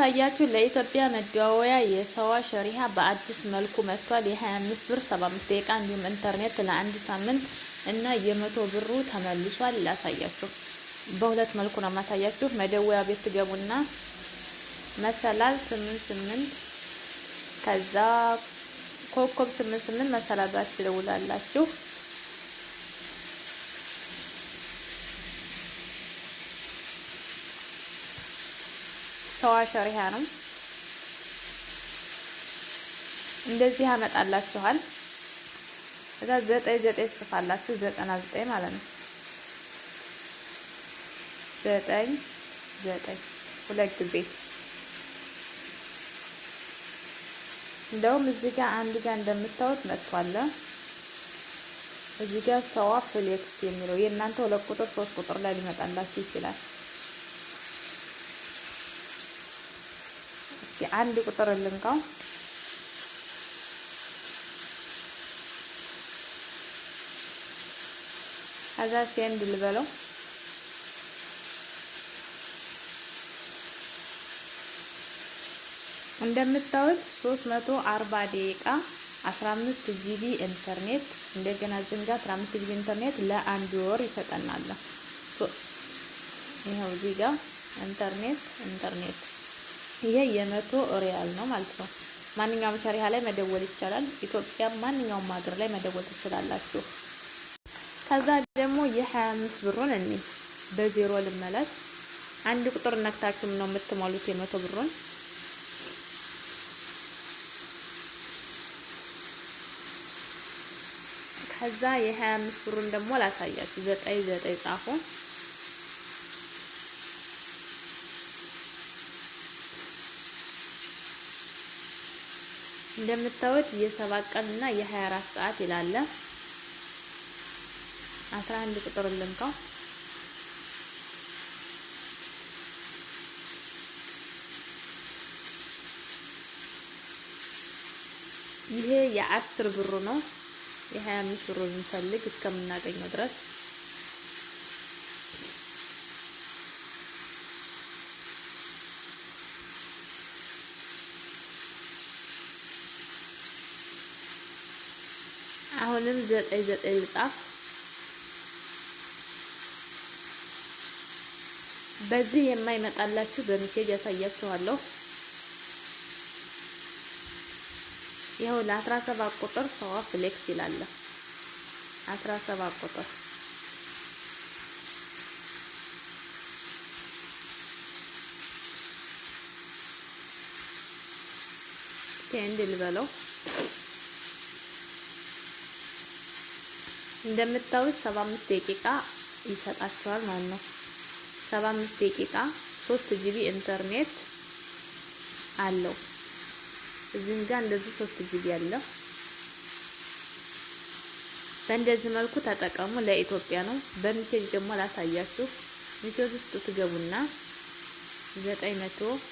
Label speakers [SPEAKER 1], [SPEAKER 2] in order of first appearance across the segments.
[SPEAKER 1] የማሳያችሁ ለኢትዮጵያ መደዋወያ የሰዋ ሸሪሃ በአዲስ መልኩ መጥቷል። የ25 ብር 75 ደቂቃ እንዲሁም ኢንተርኔት ለአንድ ሳምንት እና የመቶ ብሩ ተመልሷል። ላሳያችሁ በሁለት መልኩ ነው ማሳያችሁ። መደወያ ቤት ትገቡና መሰላል 88 ከዛ ኮከብ 88 መሰላል ጋር ትደውላላችሁ። ሰዋ ሸሪሃ ነው። እንደዚህ ያመጣላችኋል። እዛ ዘጠኝ ዘጠኝ ጽፋላችሁ ዘጠና ዘጠኝ ማለት ነው። ዘጠኝ ዘጠኝ ሁለት ጊዜ እንደውም እዚህ ጋር አንድ ጋር እንደምታዩት መጥቷል። እዚህ ጋር ሰዋ ፍሌክስ የሚለው የእናንተ ሁለት ቁጥር ሶስት ቁጥር ላይ ሊመጣላችሁ ይችላል። የአንድ ቁጥር ልንቃው ከዛ ሴንድ ልበለው እንደምታዩት 340 ደቂቃ 15 ጂቢ ኢንተርኔት እንደገና ዝንጋ 15 ጂቢ ኢንተርኔት ለአንድ ወር ይሰጠናል። ይኸው እዚህ ጋር ኢንተርኔት ኢንተርኔት ይሄ የመቶ ሪያል ነው ማለት ነው። ማንኛውም ሸሪሃ ላይ መደወል ይቻላል። ኢትዮጵያ ማንኛውም ሀገር ላይ መደወል ትችላላችሁ። ከዛ ደግሞ የ25 ብሩን እኔ በዜሮ ልመለስ። አንድ ቁጥር ነክታችሁ ነው የምትሞሉት የመቶ ብሩን ከዛ የ25 ብሩን ደግሞ ላሳያችሁ። 9 9 ጻፉ እንደምታዩት የሰባት ቀን እና የ24 ሰዓት ይላል። 11 ቁጥር ልንካው። ይሄ የአስር ብሩ ነው። የ25 ብሩ ልንፈልግ እስከምናገኘው ድረስ አሁንም ዘጠኝ ዘጠኝ ልጣፍ በዚህ የማይመጣላችሁ በሚሴጅ ያሳያችኋለሁ። ይኸው ለአስራ ሰባት ቁጥር ሰዋ ፍሌክስ ይላል። አስራ ሰባት ቁጥር ቴንድ ልበለው እንደምታዩት 75 ደቂቃ ይሰጣችኋል ማለት ነው። 75 ደቂቃ 3 ጂቢ ኢንተርኔት አለው። እዚህም ጋር እንደዚህ 3 ጂቢ አለው። በእንደዚህ መልኩ ተጠቀሙ። ለኢትዮጵያ ነው። በሚቼጅ ደግሞ ላሳያችሁ። ሚሴጅ ውስጥ ትገቡና 900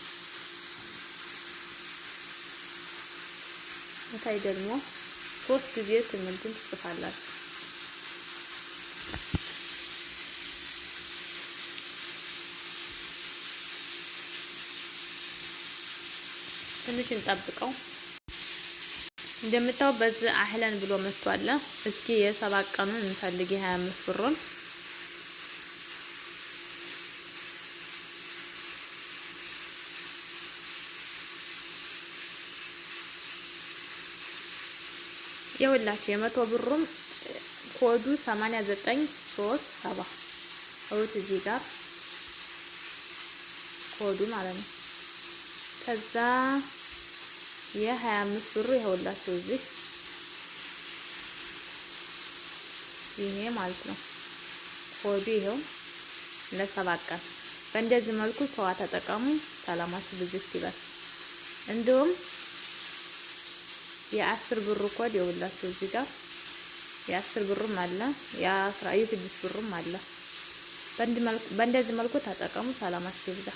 [SPEAKER 1] እታይ ደግሞ ሶስት ጊዜ ስምንትን ትጽፋላችሁ። ትንሽ እንጠብቀው። እንደምታው በዚህ አህለን ብሎ መጥቷል። እስኪ የሰባት ቀኑን እንፈልግ የሀያ አምስት ብሩን የወላችሁ የመቶ ብሩም ኮዱ 89370 እውት እዚህ ጋር ኮዱ ማለት ነው። ከዛ የ25 ብሩ ይኸውላችሁ እዚህ ይሄ ማለት ነው። ኮዱ ይኸው ለሰባት ቀን በእንደዚህ መልኩ ሰዋ ተጠቀሙ። ሰላማችሁ ብዝት ይበል። እንዲሁም የአስር ብሩ ኮድ ይኸውላችሁ እዚህ ጋር የአስር ብሩም አለ የአስራ የስድስት ብሩም አለ። በእንደዚህ መልኩ ተጠቀሙ። ሰላማችሁ ይብዛ።